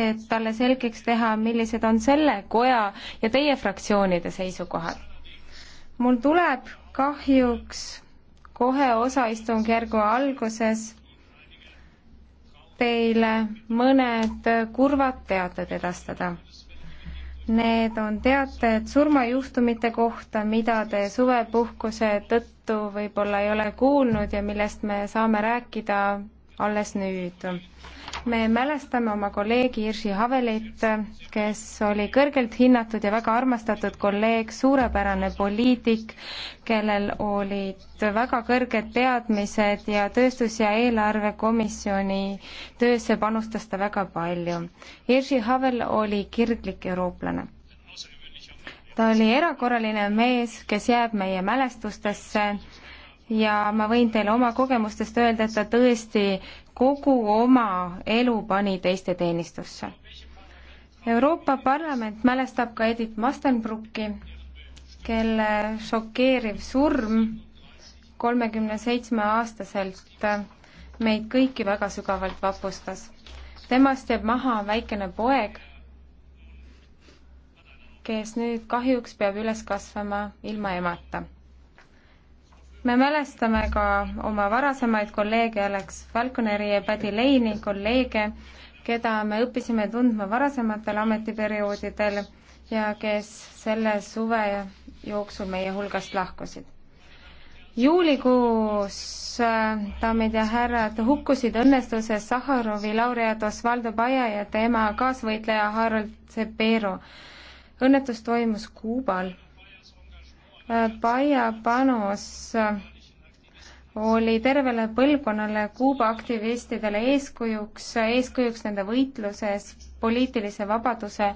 et talle selgeks teha, millised on selle koja ja teie fraktsioonide seisukohad. mul tuleb kahjuks kohe osaistungjärgu alguses teile mõned kurvad teated edastada. Need on teated surmajuhtumite kohta, mida te suvepuhkuse tõttu võib-olla ei ole kuulnud ja millest me saame rääkida alles nüüd me mälestame oma kolleegi Irsi Havelit, kes oli kõrgelt hinnatud ja väga armastatud kolleeg, suurepärane poliitik, kellel olid väga kõrged teadmised ja tööstus- ja eelarvekomisjoni töösse panustas ta väga palju. Irsi Havel oli kirglik eurooplane. ta oli erakorraline mees, kes jääb meie mälestustesse ja ma võin teile oma kogemustest öelda, et ta tõesti kogu oma elu pani teiste teenistusse. Euroopa Parlament mälestab ka Edith Mastenbrucki, kelle šokeeriv surm kolmekümne seitsme aastaselt meid kõiki väga sügavalt vapustas. temast jääb maha väikene poeg, kes nüüd kahjuks peab üles kasvama ilma emata me mälestame ka oma varasemaid kolleege Alex Falconeri ja Paddy Lane'i kolleege, keda me õppisime tundma varasematel ametiperioodidel ja kes selle suve jooksul meie hulgast lahkusid. juulikuus, äh, daamid ja härrad, hukkusid õnnestuses Sahharovi laureaat Osvaldo Paia ja tema kaasvõitleja Harold Cepero. õnnetus toimus Kuubal Paia panus oli tervele põlvkonnale Kuuba aktivistidele eeskujuks, eeskujuks nende võitluses poliitilise vabaduse ja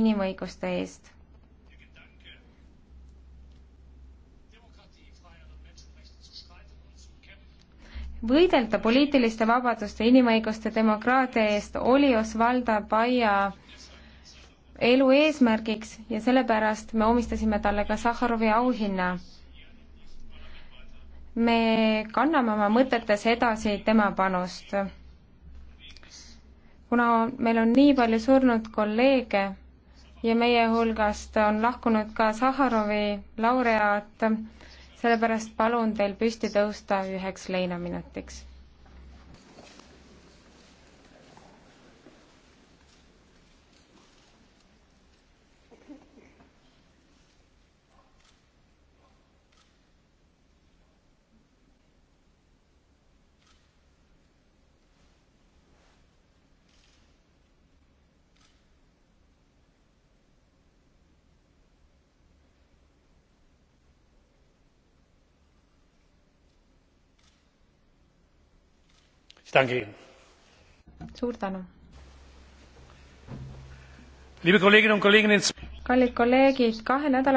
inimõiguste eest. võidelda poliitiliste vabaduste, inimõiguste, demokraatia eest oli Osvaldo Paia elu eesmärgiks ja sellepärast me omistasime talle ka Sahharovi auhinna. me kanname oma mõtetes edasi tema panust. kuna meil on nii palju surnud kolleege ja meie hulgast on lahkunud ka Sahharovi laureaat, sellepärast palun teil püsti tõusta üheks leinaminutiks suur tänu! kallid kolleegid kahe nädala pärast toimub ülemkogu.